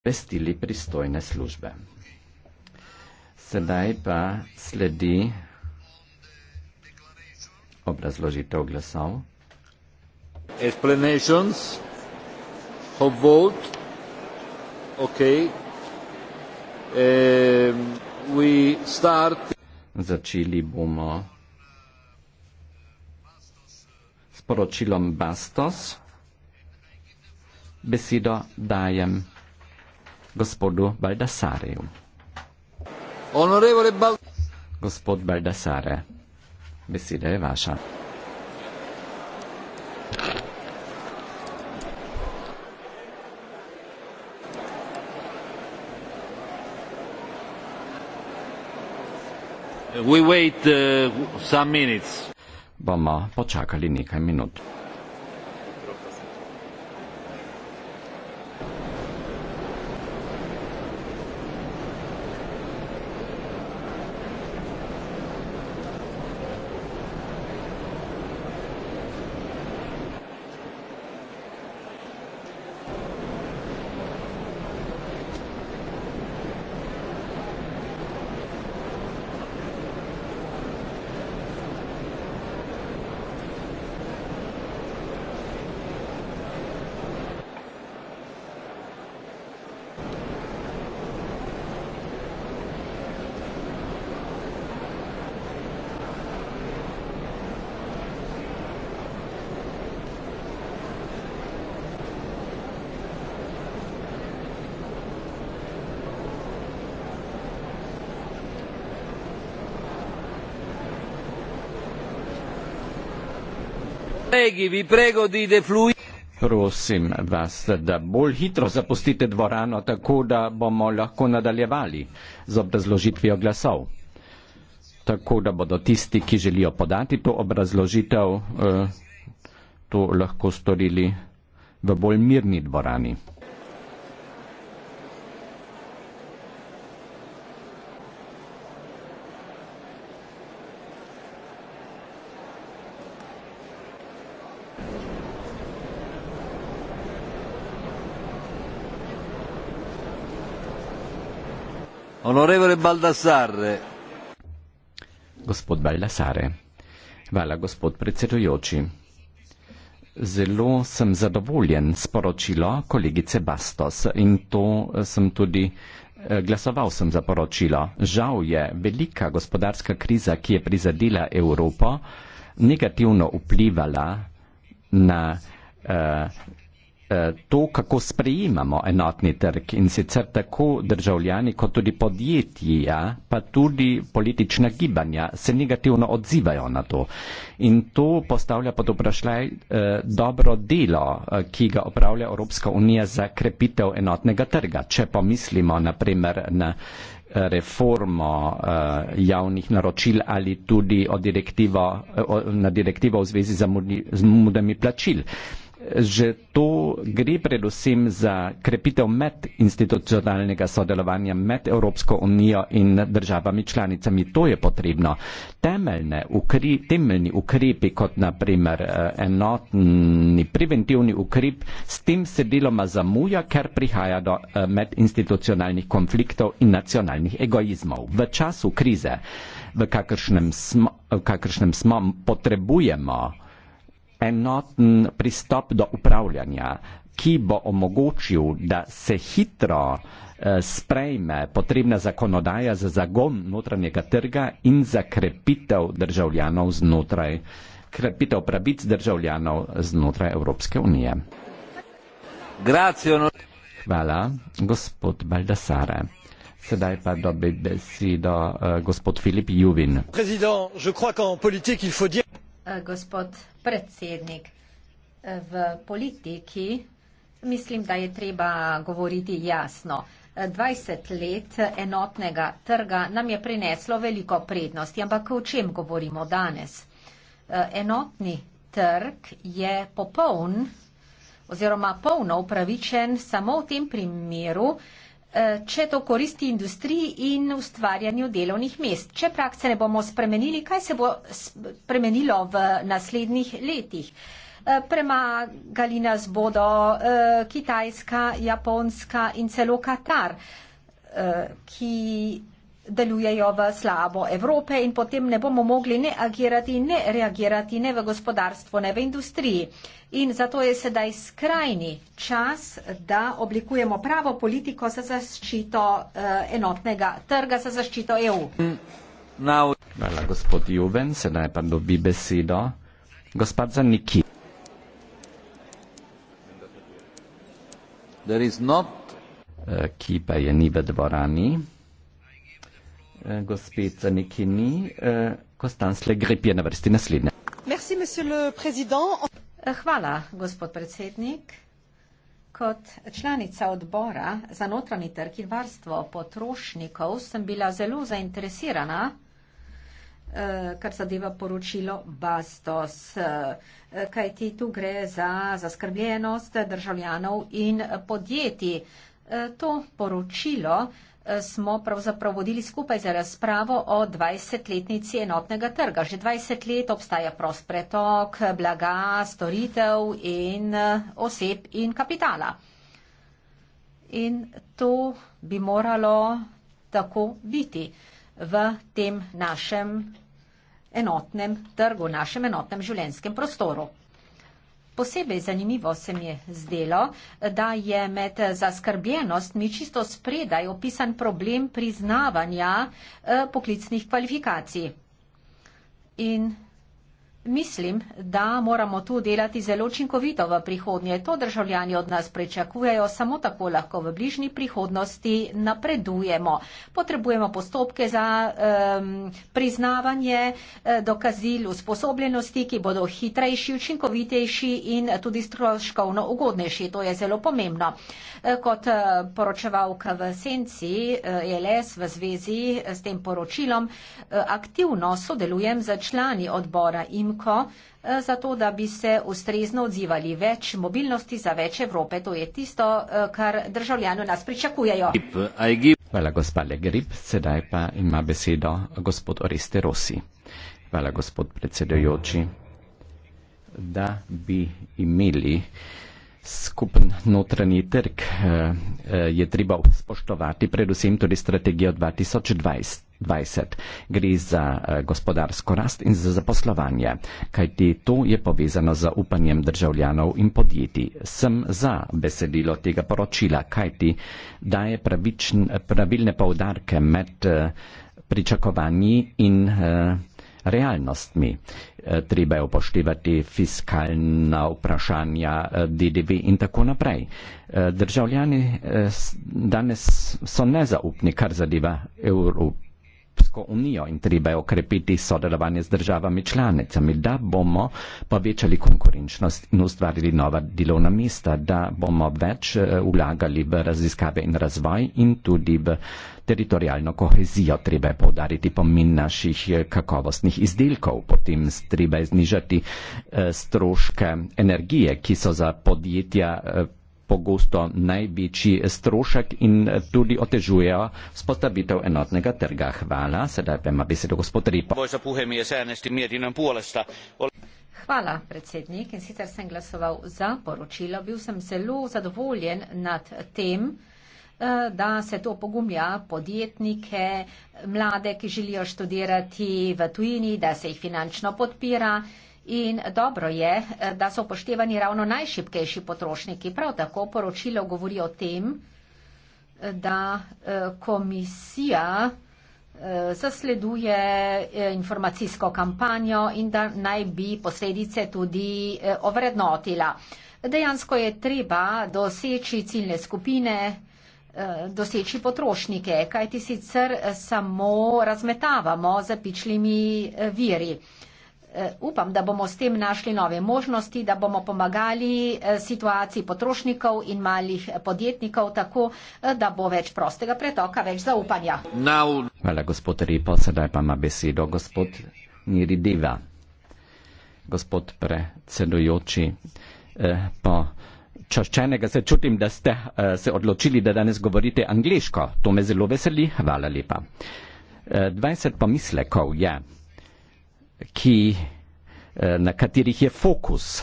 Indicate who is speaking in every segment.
Speaker 1: obvestili pristojne službe. Sedaj pa sledi obrazložitev glasov. Explanations of vote. Okay. Um, we start. Začeli bomo s poročilom Bastos. Besedo dajem gospodu Baldassareju. Bal Gospod Baldassare, beseda je vaša. We wait, uh, some minutes. Bomo počakali nekaj minut. Prosim vas, da bolj hitro zapustite dvorano, tako da bomo lahko nadaljevali z obrazložitvijo glasov. Tako da bodo tisti, ki želijo podati to obrazložitev, eh, to lahko storili v bolj mirni dvorani.
Speaker 2: Onorevole Baldassare.
Speaker 1: Gospod Baldassare, hvala gospod predsedujoči. Zelo sem zadovoljen s poročilo kolegice Bastos in to eh, sem tudi eh, glasoval sem za poročilo. Žal je velika gospodarska kriza, ki je prizadela Evropo, negativno vplivala na eh, Eh, to, kako sprejemamo enotni trg in sicer tako državljani kot tudi podjetja, pa tudi politična gibanja se negativno odzivajo na to. In to postavlja pod vprašaj eh, dobro delo, eh, ki ga opravlja Evropska unija za krepitev enotnega trga. Če pomislimo naprimer na reformo uh, javnih naročil ali tudi direktivo, uh, na direktivo v zvezi z mudami plačil. Uh, že to gre predvsem za krepitev medinstitucionalnega sodelovanja med Evropsko unijo in državami članicami. To je potrebno. Temeljne ukri, temeljni ukrepi, kot naprimer eh, enotni preventivni ukrep, s tem se deloma zamuja, ker prihaja do eh, medinstitucionalnih konfliktov in nacionalnih egoizmov. V času krize, v kakršnem smo, v kakršnem smo potrebujemo enoten pristop do upravljanja, ki bo omogočil, da se hitro eh, sprejme potrebna zakonodaja za zagon notranjega trga in za krepitev državljanov znotraj, krepitev pravic državljanov znotraj Evropske unije. Hvala, gospod Baldassare. Sedaj pa dobi besedo uh, gospod Filip Juvin. Predsednik, mislim, da v politiki je treba.
Speaker 2: Eh, gospod predsednik. Eh, v politiki mislim, da je treba govoriti jasno. 20 eh, let enotnega trga nam je prineslo veliko prednosti, ampak o čem govorimo danes? Enotni trg je popoln oziroma polno upravičen samo v tem primeru, Eh, če to koristi industriji in ustvarjanju delovnih mest. Če prakse ne bomo spremenili, kaj se bo spremenilo v naslednjih letih? Eh, premagali nas bodo eh, Kitajska, Japonska in celo Katar, ki delujejo v slabo Evrope in potem ne bomo mogli ne agirati, ne reagirati, ne v gospodarstvu, ne v industriji. In zato je sedaj skrajni čas, da oblikujemo pravo politiko za zaščito uh, enotnega trga, za zaščito EU.
Speaker 1: Hvala, gospod Juven, sedaj pa dobi besedo. Gospod Zaniki. Not... Uh, ki pa je ni v dvorani. Eh, gospe Canikini. Konstantle eh, Grip je na vrsti naslednja.
Speaker 2: Eh, hvala, gospod predsednik. Kot članica odbora za notranji trg in varstvo potrošnikov sem bila zelo zainteresirana, kar zadeva poročilo Bastos, kajti tu gre za zaskrbljenost državljanov in podjetij to poročilo eh, smo pravzaprav vodili skupaj za razpravo o 20-letnici enotnega trga. Že 20 let obstaja prost pretok blaga, storitev in eh, oseb in kapitala. In to bi moralo tako biti v tem našem enotnem trgu, našem enotnem življenjskem prostoru. Posebej zanimivo se mi je zdelo, da je med zaskrbljenostmi čisto spredaj opisan problem priznavanja eh, poklicnih kvalifikacij. In Mislim, da moramo tu delati zelo činkovito v prihodnje. To državljani od nas prečakujejo, samo tako lahko v bližnji prihodnosti napredujemo. Potrebujemo postopke za um, priznavanje eh, dokazil usposobljenosti, ki bodo hitrejši, učinkovitejši in tudi stroškovno ugodnejši. To je zelo pomembno. Eh, kot eh, poročevalka v Senci ELS v zvezi s tem poročilom, aktivno sodelujem z člani odbora in priimko, eh, zato da bi se ustrezno odzivali več mobilnosti za več Evrope. To je tisto, eh, kar državljani nas pričakujejo.
Speaker 1: Hvala, gospa Legrip. Sedaj pa ima besedo gospod Oriste Rosi. Hvala, gospod predsedojoči. Da bi imeli skupen notranji trg, eh, je treba spoštovati predvsem tudi strategijo 2020. 2020. Gre za eh, gospodarsko rast in za zaposlovanje, kajti to je povezano z upanjem državljanov in podjetij. Sem za besedilo tega poročila, kajti daje pravičn, pravilne povdarke med eh, pričakovanji in eh, realnostmi. Treba je upoštevati fiskalna vprašanja, DDV in tako naprej. Državljani danes so nezaupni, kar zadeva Evropo Evropsko unijo in treba je okrepiti sodelovanje z državami članicami, da bomo povečali konkurenčnost in ustvarili nova delovna mesta, da bomo več eh, vlagali v raziskave in razvoj in tudi v teritorijalno kohezijo. Treba je povdariti pomen naših eh, kakovostnih izdelkov, potem treba je znižati eh, stroške energije, ki so za podjetja pogosto največji strošek in tudi otežujejo spostavitev enotnega trga. Hvala, sedaj pa ima besedo gospod Ripa.
Speaker 2: Hvala, predsednik, in sicer sem glasoval za poročilo. Bil sem zelo zadovoljen nad tem, eh, da se to pogumja podjetnike, mlade, ki želijo študirati v tujini, da se jih finančno podpira. In dobro je, eh, da so upoštevani ravno najšipkejši potrošniki. Prav tako poročilo govori o tem, eh, da eh, komisija zasleduje informacijsko kampanjo in da naj bi posledice tudi ovrednotila. Dejansko je treba doseči ciljne skupine, doseči potrošnike, kajti sicer samo razmetavamo z pičlimi viri. Eh, upam, da bomo s tem našli nove možnosti, da bomo pomagali eh, situaciji potrošnikov in malih eh, podjetnikov tako, da bo več prostega pretoka, več zaupanja.
Speaker 1: Hvala, gospod Ripo, sedaj pa ima besedo gospod Niridiva. Gospod predsedujoči, po čaščenega se čutim, da ste se odločili, da danes govorite angliško. To me zelo veseli. Hvala lepa. 20 pomislekov je. Yeah ki, eh, na katerih je fokus.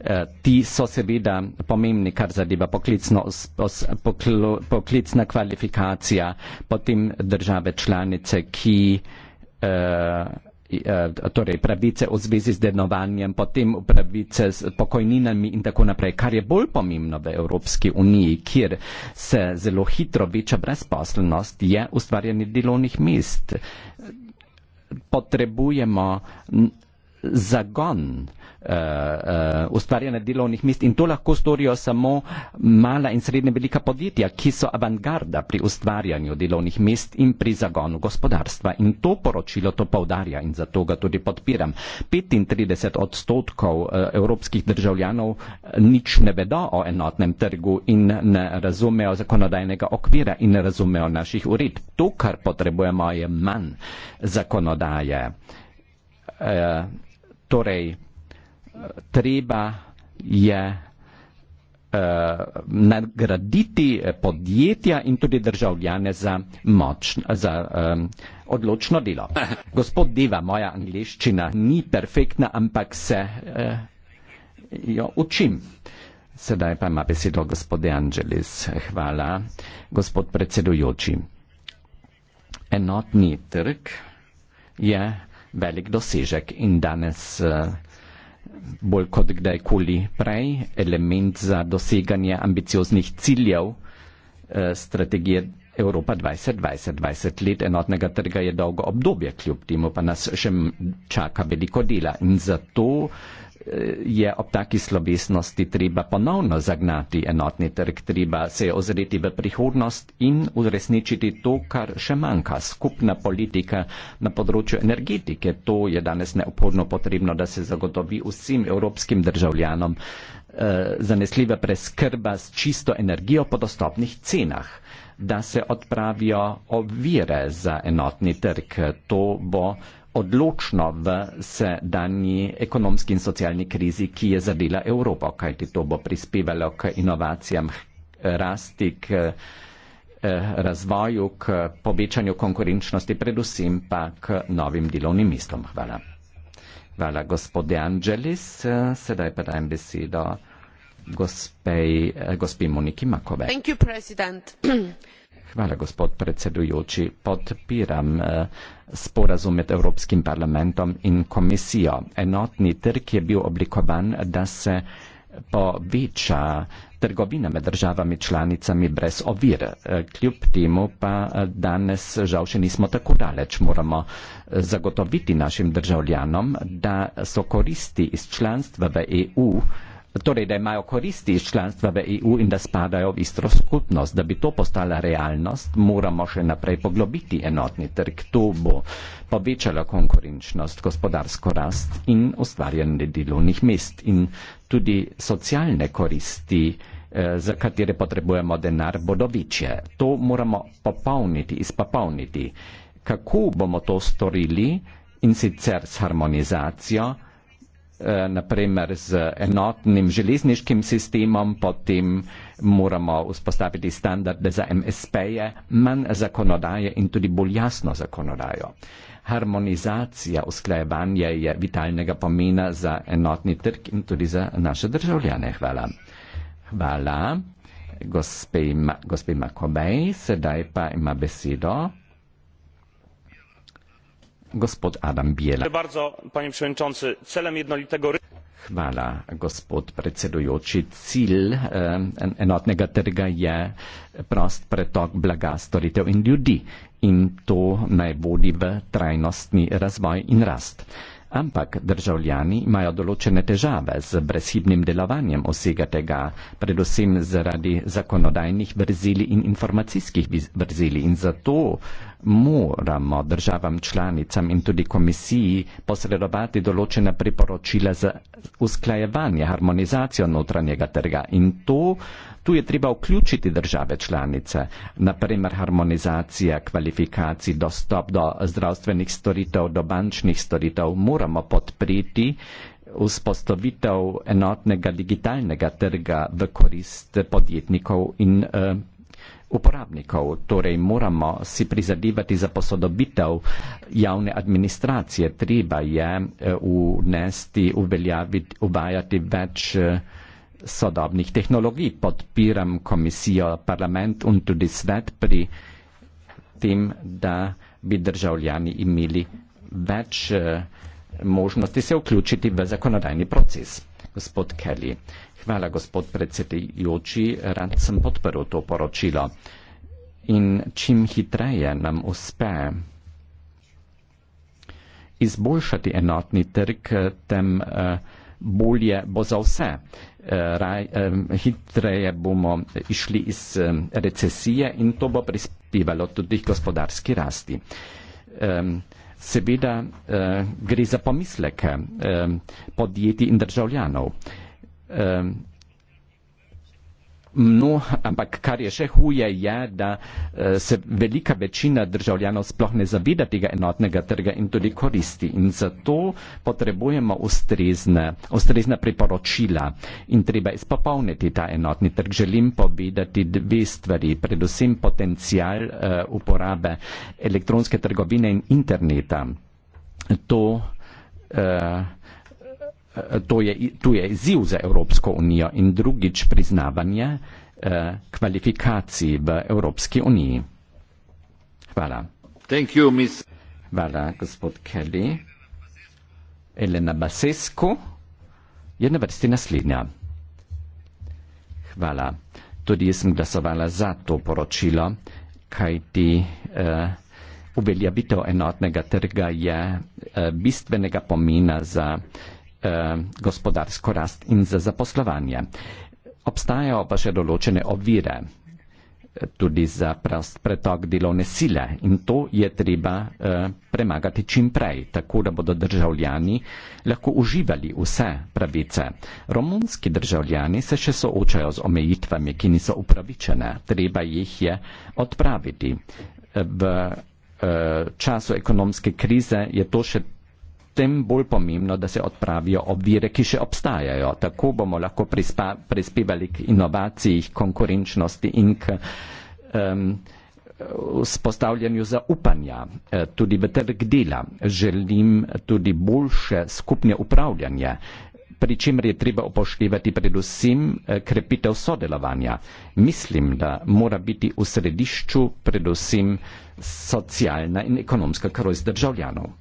Speaker 1: Eh, ti so seveda pomembni, kar zadeva poklicno, poklo, poklicna kvalifikacija, potem države članice, ki eh, torej pravice v zvezi z denovanjem, potem pravice s pokojninami in tako naprej, kar je bolj pomembno v Evropski uniji, kjer se zelo hitro veča brezposlenost, je ustvarjanje delovnih mest potrebujemo zagon Uh, eh, uh, eh, ustvarjanje delovnih mest in to lahko storijo samo mala in srednje velika podjetja, ki so avangarda pri ustvarjanju delovnih mest in pri zagonu gospodarstva. In to poročilo to povdarja in zato ga tudi podpiram. 35 odstotkov uh, evropskih državljanov nič ne vedo o enotnem trgu in ne razumejo zakonodajnega okvira in ne razumejo naših ured. To, kar potrebujemo, je manj zakonodaje. Uh, Torej, treba je eh, nagraditi eh, podjetja in tudi državljane za, moč, za eh, odločno delo. Gospod Deva, moja angliščina ni perfektna, ampak se eh, jo učim. Sedaj pa ima besedo gospod Angelis. Hvala, gospod predsedujoči. Enotni trg je velik dosežek in danes eh, bolj kot kdajkoli prej element za doseganje ambicioznih ciljev eh, strategije Evropa 2020. 20 let enotnega trga je dolgo obdobje, kljub temu pa nas še čaka veliko dela in zato je ob taki slovesnosti treba ponovno zagnati enotni trg, treba se ozreti v prihodnost in uresničiti to, kar še manjka. Skupna politika na področju energetike, to je danes neophodno potrebno, da se zagotovi vsem evropskim državljanom eh, zanesljiva preskrba s čisto energijo po dostopnih cenah, da se odpravijo ovire za enotni trg. To bo odločno v sedanji ekonomski in socialni krizi, ki je zadela Evropo, kajti to bo prispevalo k inovacijam, k rasti, k eh, razvoju, k povečanju konkurenčnosti, predvsem pa k novim delovnim mestom. Hvala. Hvala, gospod De Angelis. Sedaj pa dajem besedo gospej, eh, gospej Moniki Makove.
Speaker 2: Thank you,
Speaker 1: Hvala, gospod predsedujoči. Podpiram eh, sporazum med Evropskim parlamentom in komisijo. Enotni trg je bil oblikovan, da se poveča trgovina med državami članicami brez ovir. Eh, kljub temu pa eh, danes žal še nismo tako daleč. Moramo zagotoviti našim državljanom, da so koristi iz članstva v EU torej da imajo koristi iz članstva v EU in da spadajo v isto skupnost. Da bi to postala realnost, moramo še naprej poglobiti enotni trg. To bo povečalo konkurenčnost, gospodarsko rast in ustvarjanje delovnih mest in tudi socialne koristi eh, za katere potrebujemo denar, bodo večje. To moramo popolniti, izpopolniti. Kako bomo to storili in sicer s harmonizacijo, Eh, naprimer z enotnim železniškim sistemom, potem moramo vzpostaviti standarde za MSP-je, manj zakonodaje in tudi bolj jasno zakonodajo. Harmonizacija usklajevanja je vitalnega pomena za enotni trg in tudi za naše državljane. Hvala. Hvala, gospe Makobej, sedaj pa ima besedo gospod Adam Biela.
Speaker 2: Bardzo, panie przewodniczący, celem jednolitego rynku.
Speaker 1: Hvala, gospod predsedujoči. Cilj eh, enotnega trga je prost pretok blaga, storitev in ljudi in to naj vodi v trajnostni razvoj in rast. Ampak državljani imajo določene težave z brezhibnim delovanjem vsega tega, predvsem zaradi zakonodajnih brzili in informacijskih brzili in zato eh, moramo državam članicam in tudi komisiji posredovati določena priporočila za usklajevanje, harmonizacijo notranjega trga in to Tu je treba vključiti države članice, naprimer harmonizacija kvalifikacij, dostop do zdravstvenih storitev, do bančnih storitev, moramo podpreti vzpostavitev enotnega digitalnega trga v korist podjetnikov in eh, uporabnikov. Torej moramo si prizadivati za posodobitev javne administracije. Treba je vnesti, eh, uveljaviti, uvajati več eh, sodobnih tehnologij. Podpiram komisijo, parlament in tudi svet pri tem, da bi državljani imeli več eh, možnosti se vključiti v zakonodajni proces. Gospod Kelly, Hvala, gospod predsedujoči, rad sem podprl to poročilo. In čim hitreje nam uspe izboljšati enotni trg, tem eh, bolje bo za vse. Eh, raj, eh, hitreje bomo išli iz recesije in to bo prispevalo tudi k gospodarski rasti. Seveda gre za pomisleke podjetij in državljanov um, No, ampak kar je še huje, je, da e, se velika večina državljanov sploh ne zaveda tega enotnega trga in tudi koristi. In zato potrebujemo ustrezne, ustrezne priporočila in treba izpopolniti ta enotni trg. Želim povedati dve stvari, predvsem potencial uh, uporabe elektronske trgovine in interneta. To, uh, Eh, to je, tu je izziv za Evropsko unijo in drugič priznavanje eh, kvalifikacij v Evropski uniji. Hvala. You, Ms... Hvala, gospod Kelly. Elena Basesko je na vrsti naslednja. Hvala. Tudi jaz sem glasovala za to poročilo, kajti eh, uveljavitev eh, enotnega trga je eh, bistvenega pomena za. Eh, gospodarsko rast in za zaposlovanje. Obstajajo pa še določene ovire eh, tudi za pretok delovne sile in to je treba eh, premagati čim prej, tako da bodo državljani lahko uživali vse pravice. Romunski državljani se še soočajo z omejitvami, ki niso upravičene, treba jih je odpraviti. V eh, času ekonomske krize je to še tem bolj pomembno, da se odpravijo ovire, ki še obstajajo. Tako bomo lahko prispa, prispevali k inovaciji, k konkurenčnosti in k um, spostavljanju zaupanja e, tudi v trg dela. Želim tudi boljše skupne upravljanje, pri čemer je treba upoštevati predvsem e, krepitev sodelovanja. Mislim, da mora biti v središču predvsem socialna in ekonomska korist državljanov.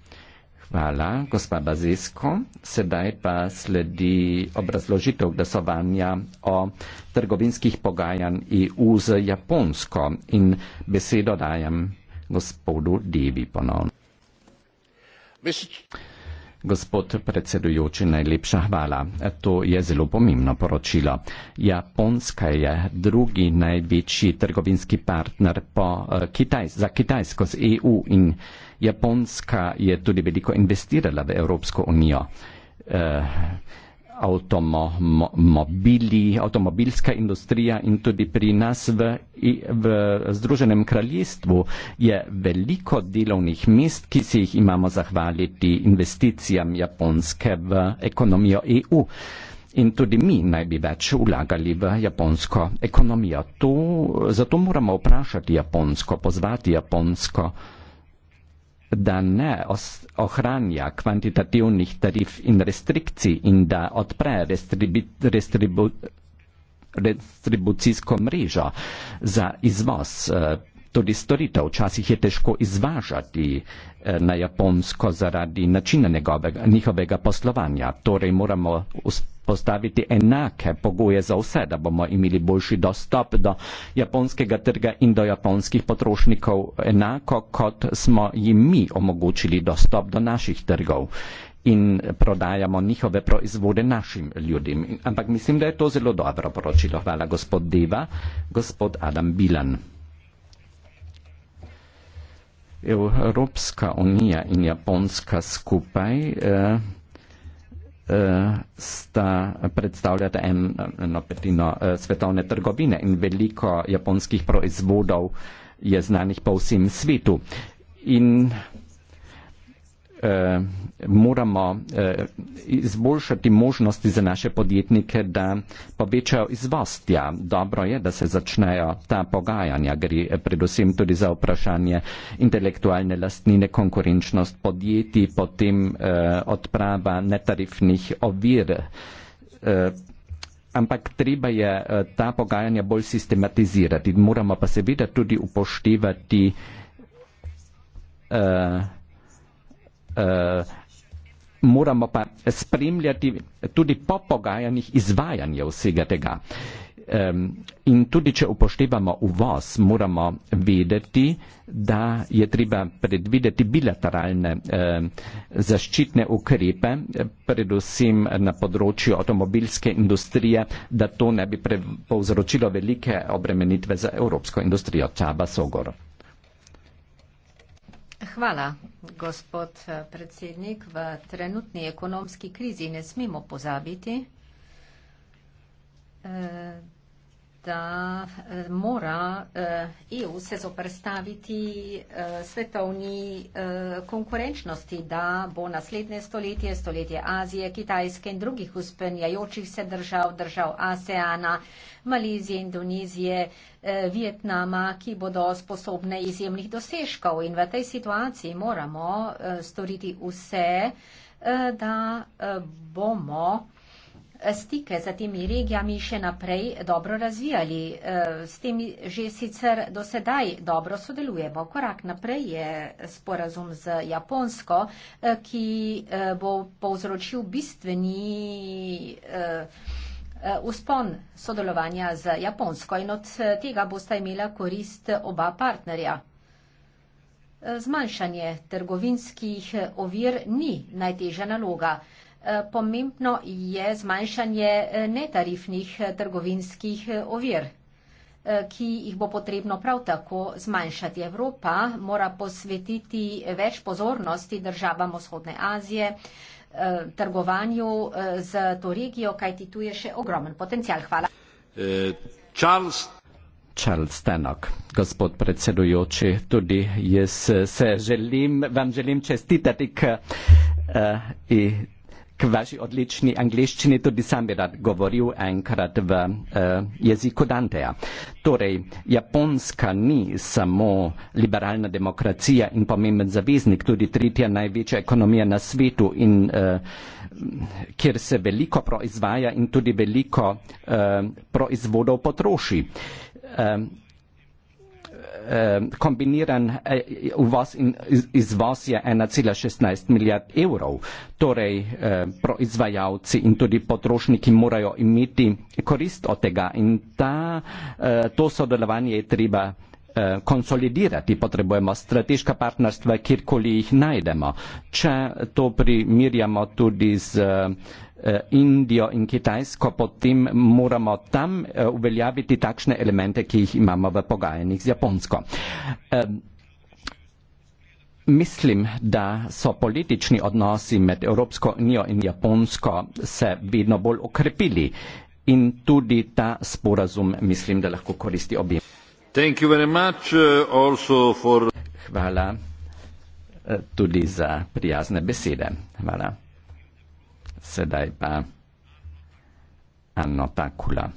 Speaker 1: Hvala, gospa Bazisko. Sedaj pa sledi obrazložitev glasovanja o trgovinskih pogajanj EU z Japonsko in besedo dajem gospodu Divi ponovno. Mislim, Gospod predsedujoči, najlepša hvala. To je zelo pomembno poročilo. Japonska je drugi največji trgovinski partner po, uh, eh, Kitajs za Kitajsko z EU in Japonska je tudi veliko investirala v Evropsko unijo. Uh, avtomobili, avtomobilska industrija in tudi pri nas v, v Združenem kraljestvu je veliko delovnih mest, ki si jih imamo zahvaliti investicijam Japonske v ekonomijo EU. In tudi mi naj bi več vlagali v japonsko ekonomijo. To, zato moramo vprašati Japonsko, pozvati Japonsko da ne ohranja kvantitativnih tarif in restrikcij in da odpre restribucijsko mrežo za izvoz eh, tudi storitev. Včasih je težko izvažati eh, na Japonsko zaradi načina njihovega poslovanja. Torej moramo uspeti postaviti enake pogoje za vse, da bomo imeli boljši dostop do japonskega trga in do japonskih potrošnikov, enako kot smo jim mi omogočili dostop do naših trgov in prodajamo njihove proizvode našim ljudem. Ampak mislim, da je to zelo dobro poročilo. Hvala, gospod Deva. Gospod Adam Bilan. Evropska unija in Japonska skupaj. Eh, sta predstavljata eno petino eh, svetovne trgovine in veliko japonskih proizvodov je znanih po vsem svetu. In eh, moramo eh, izboljšati možnosti za naše podjetnike, da povečajo izvostja. Dobro je, da se začnejo ta pogajanja, gre eh, predvsem tudi za vprašanje intelektualne lastnine, konkurenčnost podjetij, potem eh, odprava netarifnih ovir. Eh, ampak treba je eh, ta pogajanja bolj sistematizirati. Moramo pa seveda tudi upoštevati uh, uh, moramo pa spremljati tudi po pogajanjih izvajanje vsega tega. Um, in tudi, če upoštevamo uvoz, moramo vedeti, da je treba predvideti bilateralne eh, zaščitne ukrepe, predvsem na področju avtomobilske industrije, da to ne bi povzročilo velike obremenitve za evropsko industrijo. Čaba Sogor.
Speaker 2: Hvala, gospod eh, predsednik. V trenutni ekonomski krizi ne smemo pozabiti, eh, da eh, mora eh, EU se zoprstaviti eh, svetovni eh, konkurenčnosti, da bo naslednje stoletje, stoletje Azije, Kitajske in drugih uspenjajočih se držav, držav ASEANA, Malizije, Indonizije, eh, Vietnama, ki bodo sposobne izjemnih dosežkov. In v tej situaciji moramo eh, storiti vse, eh, da eh, bomo eh, Eh, stike z temi regijami še naprej dobro razvijali. Eh, s temi že sicer do sedaj dobro sodelujemo. Korak naprej je sporazum z Japonsko, eh, ki bo povzročil bistveni uspon sodelovanja z Japonsko in od tega bosta imela korist oba partnerja. Zmanjšanje trgovinskih ovir ni najtežja naloga. Eh, pomembno je zmanjšanje eh, netarifnih eh, trgovinskih ovir, ki jih bo potrebno prav tako zmanjšati. Evropa mora posvetiti več pozornosti državam vzhodne Azije, trgovanju z to regijo, kajti tu je še ogromen potencial. Hvala.
Speaker 1: Charles. Charles Stenok, gospod predsedujoči, tudi jaz se želim, vam želim čestitati k, uh, k vaši odlični angliščini tudi sam bi rad govoril enkrat v uh, jeziku Danteja. Torej, Japonska ni samo liberalna demokracija in pomemben zaveznik, tudi tretja največja ekonomija na svetu in uh, kjer se veliko proizvaja in tudi veliko uh, proizvodov potroši. Uh, eh, kombiniran eh, uvoz in izvoz je 1,16 milijard evrov. Torej, eh, proizvajalci in tudi potrošniki morajo imeti korist od tega in ta, eh, to sodelovanje je treba eh, konsolidirati, potrebujemo strateška partnerstva, kjerkoli jih najdemo. Če to primirjamo tudi z uh, Eh, Indijo in Kitajsko, potem moramo tam eh, uveljaviti takšne elemente, ki jih imamo v pogajanjih z Japonsko. Mislim, da so politični odnosi med Evropsko unijo in Japonsko se vedno bolj okrepili in tudi ta sporazum mislim, da lahko koristi objem. Eh, Hvala tudi za prijazne besede. Hvala sedaj pa Anno Takula.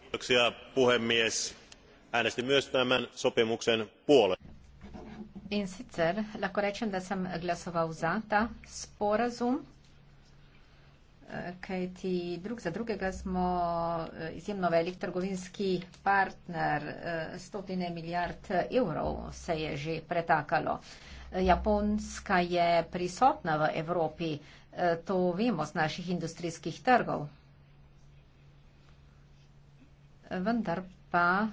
Speaker 2: Kiitoksia puhemies. Äänestin myös tämän sopimuksen puolesta. In sicer lahko rečem, da sem glasoval za ta sporazum, kajti drug za drugega smo e, izjemno velik trgovinski partner, e, stotine milijard evrov se je že pretakalo. E, Japonska je prisotna v Evropi, to vemo z naših industrijskih trgov. Vendar pa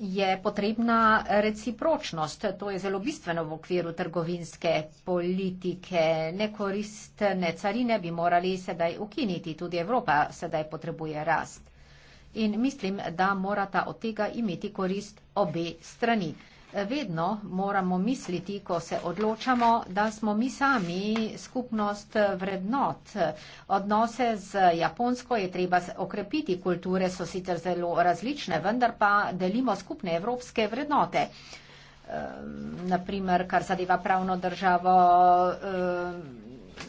Speaker 2: je potrebna recipročnost. To je zelo bistveno v okviru trgovinske politike. Nekoristne carine bi morali sedaj ukiniti. Tudi Evropa sedaj potrebuje rast. In mislim, da morata od tega imeti korist obe strani vedno moramo misliti, ko se odločamo, da smo mi sami skupnost vrednot. Odnose z Japonsko je treba okrepiti, kulture so sicer zelo različne, vendar pa delimo skupne evropske vrednote. Ehm, Naprimer, kar zadeva pravno državo ehm,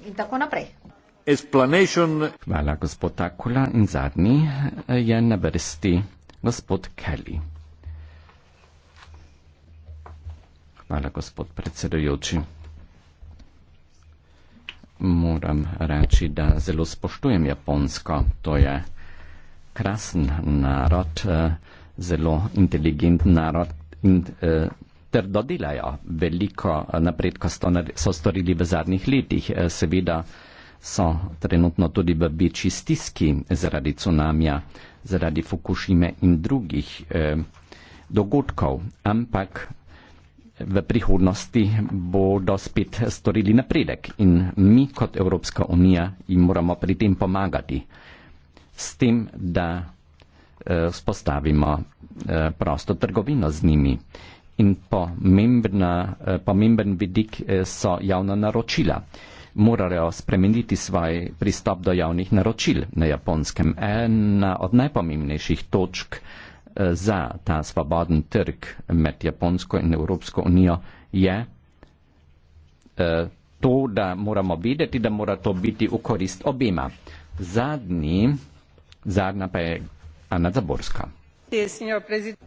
Speaker 2: in tako naprej. Explanation.
Speaker 1: Hvala, gospod Akula. In zadnji eh, je na vrsti gospod Kelly. Hvala, gospod predsedujoči. Moram reči, da zelo spoštujem Japonsko. To je krasen narod, eh, zelo inteligentni narod in eh, ter dodelajo veliko eh, napredka, so storili v zadnjih letih. Seveda so trenutno tudi v večji stiski zaradi tsunamija, zaradi Fukushime in drugih dogodkov, ampak v prihodnosti bodo spet storili napredek in mi kot Evropska unija jim moramo pri tem pomagati s tem, da spostavimo eh, eh, prosto trgovino z njimi. In pomembna, eh, pomemben vidik so javna naročila. Morajo spremeniti svoj pristop do javnih naročil na japonskem. Ena od najpomembnejših točk za ta svoboden trg med Japonsko in Evropsko unijo je eh, to, da moramo vedeti, da mora to biti v korist obema. Zadnji, zadnja pa je Ana Zaborska.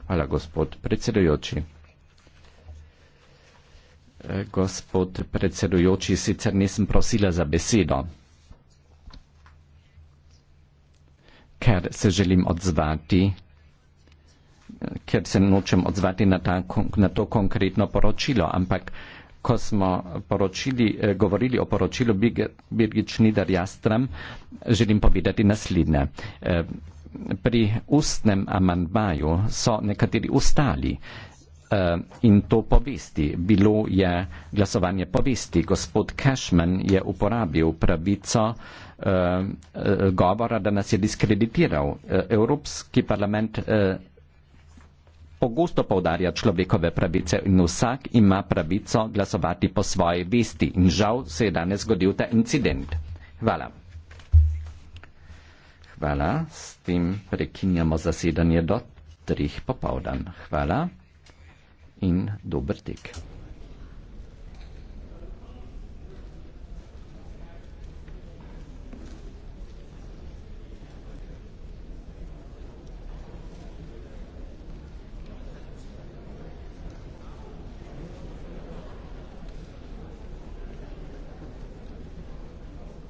Speaker 1: Hvala, gospod predsedujoči. Eh, gospod predsedujoči, sicer nisem prosila za besedo, ker se želim odzvati ker se nočem odzvati na, ta, na to konkretno poročilo, ampak ko smo poročili, eh, govorili o poročilu Birgit Schneider Jastram, želim povedati naslednje. Eh, pri ustnem amandmaju so nekateri ustali eh, in to povesti. Bilo je glasovanje povesti. Gospod Cashman je uporabil pravico govora, da nas je diskreditiral. Evropski parlament pogosto povdarja človekove pravice in vsak ima pravico glasovati po svoji vesti. In žal se je danes zgodil ta incident. Hvala. Hvala. S tem prekinjamo zasedanje do treh popovdan. Hvala in dober tek.